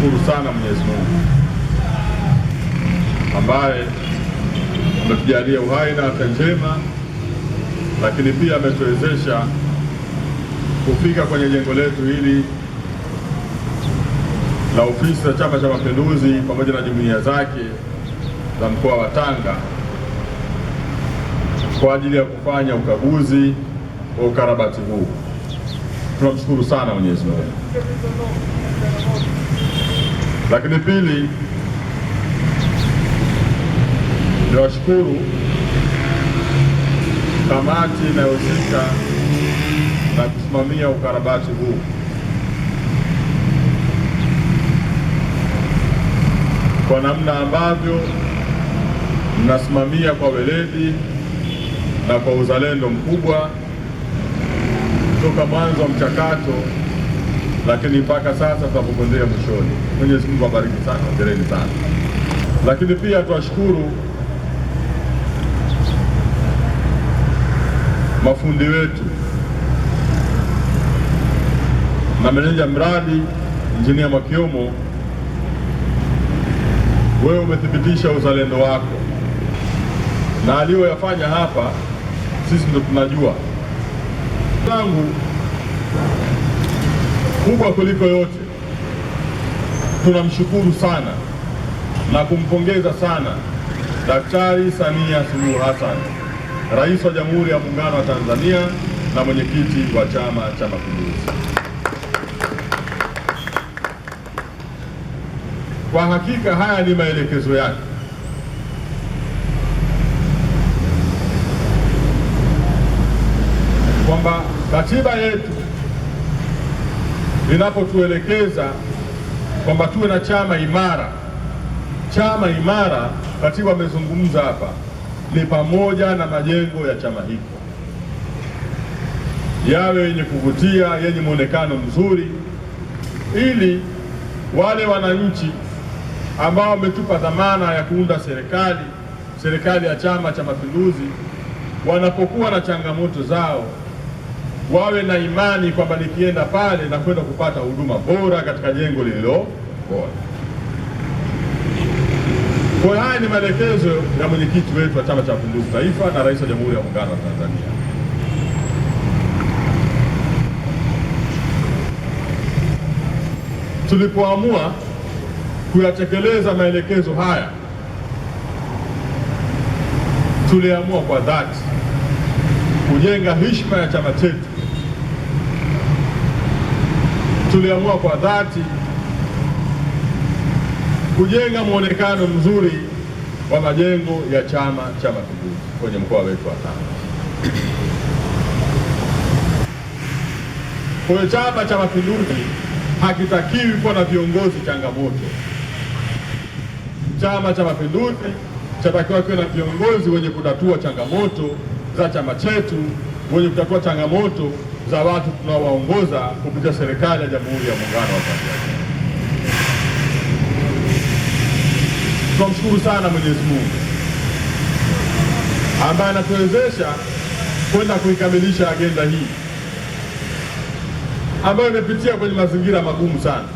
Tunamshukuru sana Mwenyezi Mungu ambaye ametujalia uhai na afya njema, lakini pia ametuwezesha kufika kwenye jengo letu hili la ofisi za Chama cha Mapinduzi pamoja na jumuiya zake za mkoa wa Tanga kwa ajili ya kufanya ukaguzi wa ukarabati huu. Tunamshukuru sana Mwenyezi Mungu. Lakini pili, niwashukuru kamati inayohusika na kusimamia ukarabati huu. Kwa namna ambavyo mnasimamia kwa weledi na kwa uzalendo mkubwa toka mwanzo wa mchakato lakini mpaka sasa tunapongojea mwishoni. Mwenyezi Mungu awabariki sana, ongereni sana. Lakini pia tuwashukuru mafundi wetu na meneja mradi Injinia Makiomo, wewe umethibitisha uzalendo wako na aliyoyafanya hapa sisi ndo tunajua tangu kubwa kuliko yote, tunamshukuru sana na kumpongeza sana Daktari Samia Suluhu Hassan, Rais wa Jamhuri ya Muungano wa Tanzania na mwenyekiti wa Chama cha Mapinduzi. Kwa hakika haya ni maelekezo yake. Kwamba katiba yetu linapotuelekeza kwamba tuwe na chama imara. Chama imara, katibu amezungumza hapa, ni pamoja na majengo ya chama hiko yawe yenye kuvutia, yenye mwonekano mzuri, ili wale wananchi ambao wametupa dhamana ya kuunda serikali, serikali ya Chama cha Mapinduzi, wanapokuwa na changamoto zao wawe na imani kwamba nikienda pale na kwenda kupata huduma bora katika jengo lililo bora. Kwa haya ni maelekezo ya mwenyekiti wetu wa Chama cha Mapinduzi Taifa na Rais wa Jamhuri ya Muungano wa Tanzania. Tulipoamua kuyatekeleza maelekezo haya, tuliamua kwa dhati kujenga heshima ya chama chetu tuliamua kwa dhati kujenga mwonekano mzuri wa majengo ya Chama cha Mapinduzi kwenye mkoa wetu wa Tanga. Kwa Chama cha Mapinduzi hakitakiwi kuwa na viongozi changamoto. Chama cha Mapinduzi chatakiwa kiwe na viongozi wenye kutatua changamoto za chama chetu, wenye kutatua changamoto za watu tunaowaongoza kupitia serikali ya Jamhuri ya Muungano wa Tanzania. Tunamshukuru sana Mwenyezi Mungu ambaye anatuwezesha kwenda kuikamilisha agenda hii ambayo imepitia kwenye mazingira magumu sana,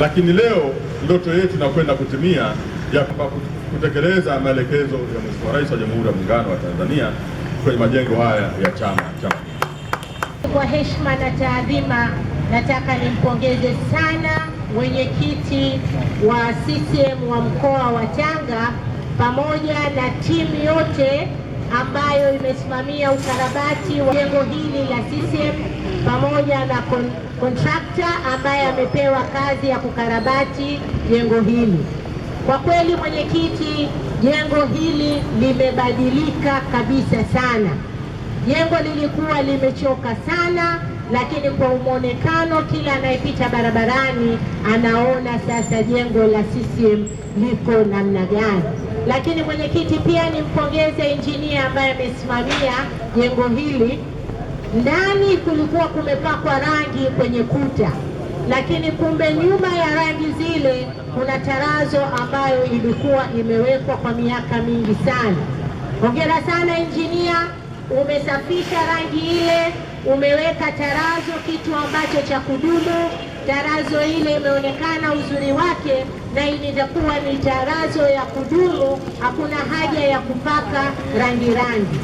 lakini leo ndoto yetu inakwenda kutimia ya kwamba kutekeleza maelekezo ya Mheshimiwa Rais wa Jamhuri ya Muungano wa Tanzania kwenye majengo haya ya chama cha. Kwa heshima na taadhima, nataka nimpongeze sana mwenyekiti wa CCM wa mkoa wa Tanga pamoja na timu yote ambayo imesimamia ukarabati wa jengo hili la CCM pamoja na kontrakta ambaye amepewa kazi ya kukarabati jengo hili. Kwa kweli mwenyekiti, jengo hili limebadilika kabisa sana. Jengo lilikuwa limechoka sana, lakini kwa umonekano, kila anayepita barabarani anaona sasa jengo la CCM liko namna gani. Lakini mwenyekiti, pia nimpongeze injinia ambaye amesimamia jengo hili. Ndani kulikuwa kumepakwa rangi kwenye kuta lakini kumbe nyuma ya rangi zile kuna tarazo ambayo ilikuwa imewekwa kwa miaka mingi sana. Hongera sana injinia, umesafisha rangi ile, umeweka tarazo, kitu ambacho cha kudumu. Tarazo ile imeonekana uzuri wake, na ilitakuwa ni tarazo ya kudumu, hakuna haja ya kupaka rangi rangi.